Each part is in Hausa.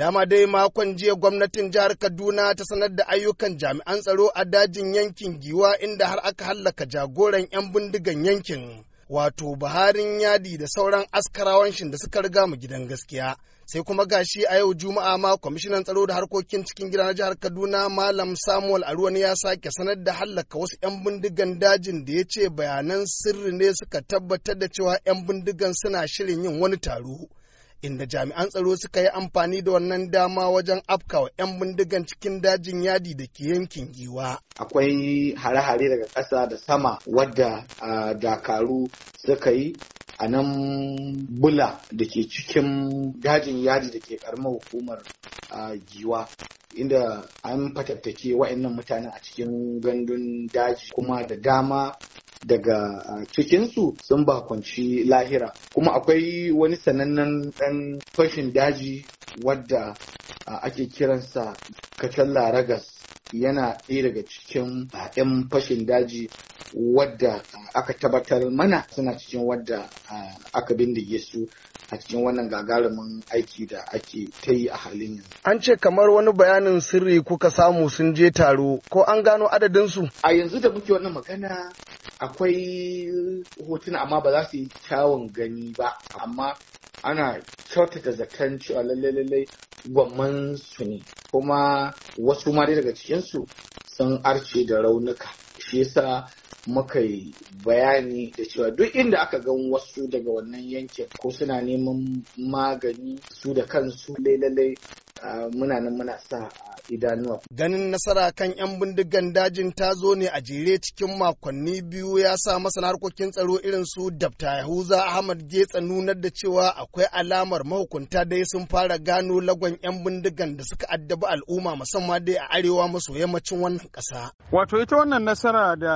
Dama dai makon jiya gwamnatin jihar Kaduna ta sanar da ayyukan jami'an tsaro a dajin yankin Giwa inda har aka hallaka jagoran 'yan bindigan yankin. Wato Buharin Yadi da sauran askarawan shin da suka riga mu gidan gaskiya. Sai kuma gashi a yau Juma'a ma kwamishinan tsaro da harkokin cikin gida na jihar Kaduna Malam Samuel aruwani ya sake sanar da hallaka wasu 'yan bindigan dajin da ya ce bayanan sirri ne suka tabbatar da cewa 'yan bindigan suna shirin yin wani taro. inda jami'an tsaro suka yi amfani da wannan dama wajen afkawa 'yan bindigan cikin dajin yadi da ke yankin giwa. Akwai hare-hare daga ƙasa da sama wadda dakaru suka yi a nan bula da ke cikin dajin yadi da ke karamar hukumar giwa inda an fatattake wa'annan mutane a cikin gandun daji kuma da dama daga cikinsu sun bakwanci lahira kuma akwai wani sanannen ɗan fashin daji wadda ake kiransa kacalla ragas yana ɗaya daga cikin 'yan fashin daji wadda aka tabbatar mana suna cikin wadda aka bindige su a cikin wannan gagarumin aiki da ake ta yi a halin yanzu. An ce kamar wani bayanin sirri kuka samu sun je taro ko an gano adadinsu? A yanzu da muke wannan magana akwai hotuna amma ba za su yi kyawun gani ba amma ana kyautata zaton cewa lallai lallai gwamman su ne kuma wasu ma dai daga cikinsu sun arce da raunuka shi yasa muka yi bayani da cewa duk inda aka ga wasu daga wannan yankin ko suna neman magani su da kansu lallai Ah, muna nan muna sa ah, idanuwa. Ganin nasara kan 'yan bindigan dajin ta zo ne a jere cikin makonni biyu ya sa masana harkokin tsaro irin su Dabta Yahuza Ahmad Getsa nunar da cewa akwai alamar mahukunta dai sun fara gano lagon 'yan bindigan da suka addabi al'umma musamman dai a arewa maso yammacin wannan ƙasa. Wato ita wannan nasara da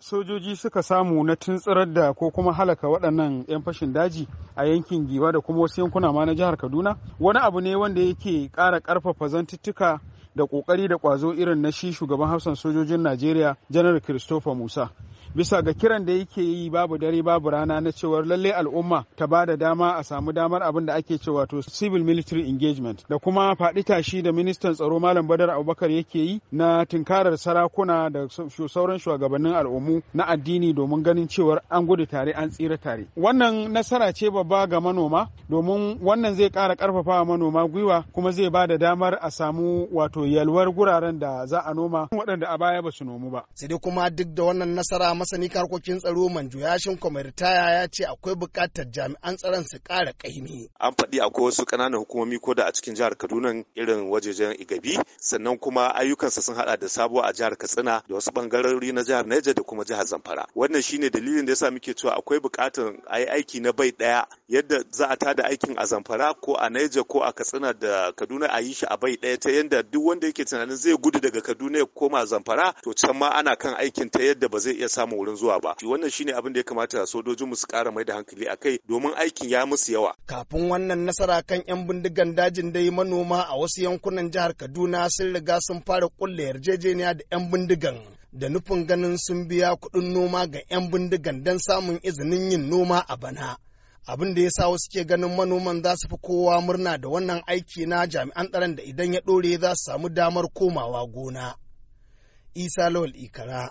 sojoji suka samu na tuntsirar da ko kuma halaka waɗannan 'yan fashin daji a yankin Giwa da kuma wasu yankuna ma na jihar Kaduna wani abu ne wanda yake ƙara ƙara ƙarfafa zantuttuka da ƙoƙari da ƙwazo irin na shi shugaban hafsan sojojin najeriya janar christopher musa bisa ga kiran da yake yi babu dare babu rana na cewar lalle al'umma ta ba da dama a samu damar abin da ake cewa to civil military engagement da kuma faɗi tashi da ministan tsaro malam badar abubakar yake yi na tinkarar sarakuna da sauran shugabannin al'ummu na addini domin ganin cewar an gudu tare an tsira tare wannan nasara ce babba ga manoma domin wannan zai ƙara ƙarfafa manoma gwiwa kuma zai ba da damar a samu wato yalwar guraren da za a noma waɗanda a baya ba su nomu ba sai dai kuma duk da wannan nasara masani karkokin tsaro manjo yashin kwamaritaya ya ce akwai buƙatar jami'an tsaron su ƙara ƙaimi. An faɗi akwai wasu ƙananan hukumomi ko da a cikin jihar Kaduna irin wajejen Igabi sannan kuma ayyukansa sun haɗa da sabuwa a jihar Katsina da wasu ɓangarori na jihar Niger da kuma jihar Zamfara. Wannan shine dalilin da yasa muke cewa akwai buƙatar a yi aiki na bai ɗaya yadda za a tada aikin a Zamfara ko a Niger ko a Katsina da Kaduna a yi shi a bai ɗaya ta yadda duk wanda yake tunanin zai gudu daga Kaduna ya koma Zamfara to can ma ana kan aikin ta yadda ba zai iya samun samu wurin zuwa ba wannan shine abin da ya kamata sojojin mu su kara mai da hankali kai, domin aikin ya musu yawa kafin wannan nasara kan yan bindigan dajin dai manoma a wasu yankunan jihar Kaduna sun riga sun fara kulle yarjejeniya da yan bindigan da nufin ganin sun biya kuɗin noma ga 'yan bindigan don samun izinin yin noma a bana. abin da ya sa wasu ke ganin manoman za su fi kowa murna da wannan aiki na jami'an tsaron da idan ya ɗore za su samu damar komawa gona. Isa Lawal Ikara